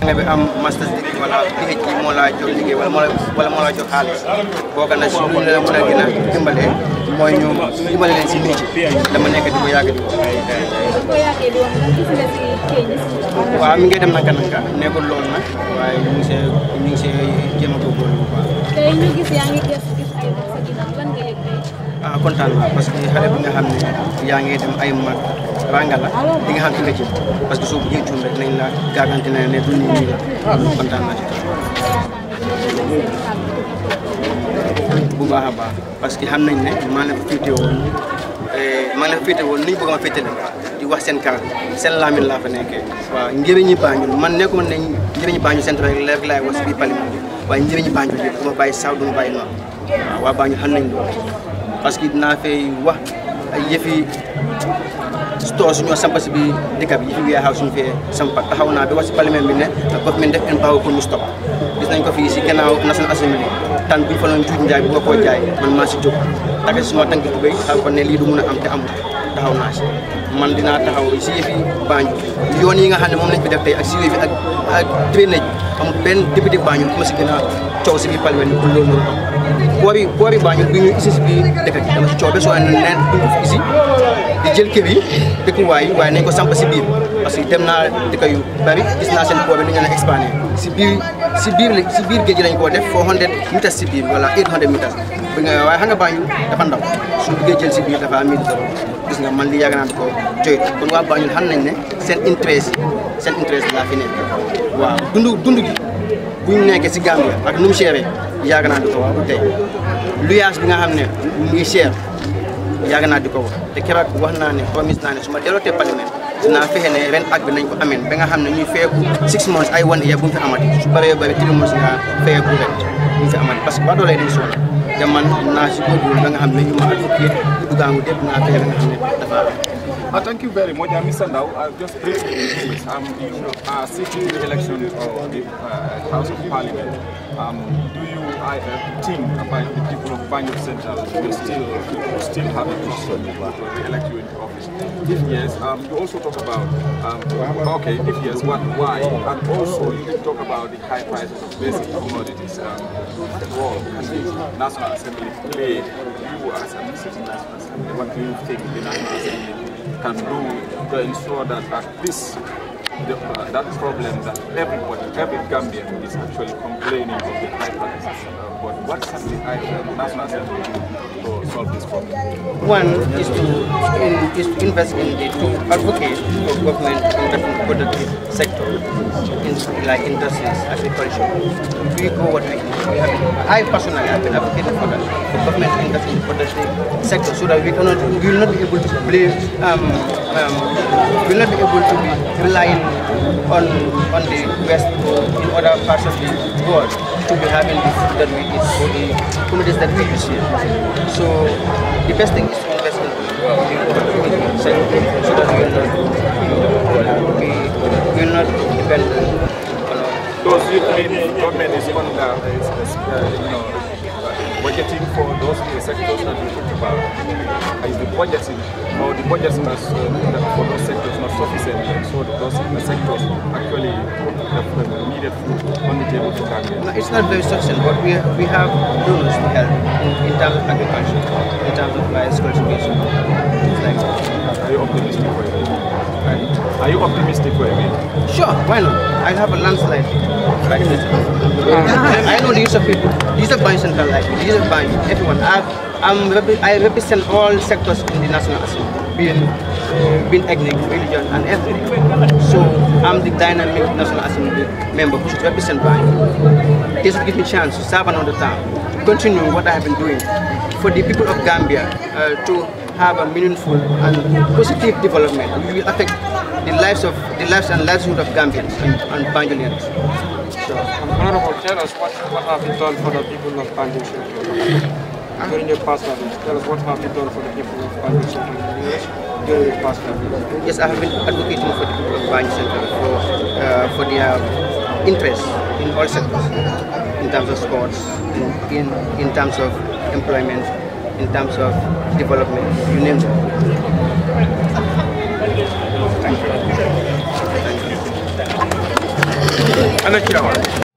xale bi am master's degree wala PhD moo liggéey wala moo la wala xaalis booga na si lu la mën a gën a dimbale mooy ñu dimbale leen si métier dama nekk di ko yàgg di ko waaw mi ngi dem naka naka nekkul loolu nag waaye ñu ngi see ñu ngi see jéem a góorgóorlu bu baax ah kontaan naa parce que xale bi nga xam ne yaa ngi dem ay mag ràngala di nga xam fi nga parce que soo bëggee juum rek nañ la garanti na ne du nii nii la ah, kontaan naa ci bu baax a baax parce que xam nañ ne maa leen fa féete woon eh, maa leen fa féete woon ni di wax seen kanam seen laamin laa fa nekkee waaw njëriñu Banjul man nekkuma ne njëriñu Banjul seen rek leer laay wax si biir parlement waaye njëriñu Banjul yëpp du saw du ma bàyyi noor parce que naa fay wax ay yëfi store suñu sampa si bi dëkk bi yëfi weexaaw suñu fee sampa taxaw naa bi wax si parlement bi ne gof min def en power pour ñu stop gis nañ ko fii si gannaaw National Assembly tan buñ fa doon juuj njaay bu nga koo jaay man maa si jóg taxe si suma tànk tubéy taxaw ko ne lii du mun a am te amul taxaw naa si man dinaa taxaw si yëfi Banjul yoon yi nga xam ne moom lañ fi def tey ak si yëfi ak ak drainage amul benn député Banjul ku ma si gën a coow si biir palmen bi loolu noonu am boori yi dëkkuwaay yi waaye nañ ko samp si biir parce que dem naa dëkk yu bari gis naa seen boobi nu ñu leen expandé si biir si biir si biir géej lañ koo def four hundred meters si biir wala eight hundred meters bi nga waaye xam dafa ndaw su bëggee jël si biir dafa am mille gis nga man li yàgg naa ko joytu kon waa Banjul xam nañ ne seen intérêt seen intérêt laa fi nekk waaw dund dund gi bu ñu nekkee si Gambia ak nu mu seeree yàgg naa di ko wax tey luyaas bi nga xam ne mu ngi seer yàgg naa di ko wax te keroog wax naa ne promise naa ne su ma dellootee parlement dinaa fexe ne ren ak bi nañ ko ameen ba nga xam ne ñuy feeku six months ay one year bu mu fi amati su bëree bëri three months nga feeku ren fi amati parce que ba doolee dañ sonn te man naa si góorgóorlu ba nga xam ne ñu ma advocate duggaangu dépp naa fexe ba nga xam ne dafa Uh, thank you very much. I'm uh, Mr. Ndau. Uh, i just placed I'm in the election of the uh, House of Parliament. Um, do you I, uh, think about the people of Banyu Central will still still have a question to elect you into office? If yes, um, you also talk about, um, okay, if yes, what, why? And also you talk about the high prices of basic commodities. Um, role can the National Assembly play you as a National Assembly? What do you think the National Assembly can do to ensure that at least the, uh, that problem that everybody, every Gambian is actually complaining of the high prices. Uh, but what can the National Assembly do to solve this problem? One is to, in, is to invest in the, to advocate for government in different productive sector, in, like industries, agriculture. If we go what we I personally have been advocating for that, for government industry productive sector, so that we cannot, we will not be able to play, um, um, we will not be able to be relying on on the West in other parts of the world to be having the food that we eat the commodities that we use here. So the best thing is to invest in the so that we will not we will not depend on. Because you mean government is under, uh, uh, you know budgeting for those sectors that we talked about uh, is the budgeting or the budgets must, uh, for those sectors not sufficient so those sectors actually the uh, needed food on the table to target. No, it's not very sufficient but we, we have rules to help in terms of agriculture, in terms of bias cultivation, things Are you optimistic for it? Are you optimistic for it? Sure, why not? i have a landslide. Uh, I know these are people. These are bands life. These are bands. Everyone. I, I'm I represent all sectors in the National Assembly, being, uh, being ethnic, religion, and everything. So I'm the dynamic National Assembly member who should represent bands. This will give me a chance to serve another time, continuing what I have been doing for the people of Gambia uh, to have a meaningful and positive development. We will affect the lives of the lives and livelihood of Gambians and, Bangalians. So, Honorable, tell us what, what have you done for the people of Bangladesh? during your past service? Tell us what have you done for the people of Bangladesh? during your past service? Yes, I have been advocating for the people of Bangladesh for uh, for their interests in all sectors, in terms of sports, in, in, in terms of employment, in terms of development, you name it. Thank you. 話しながら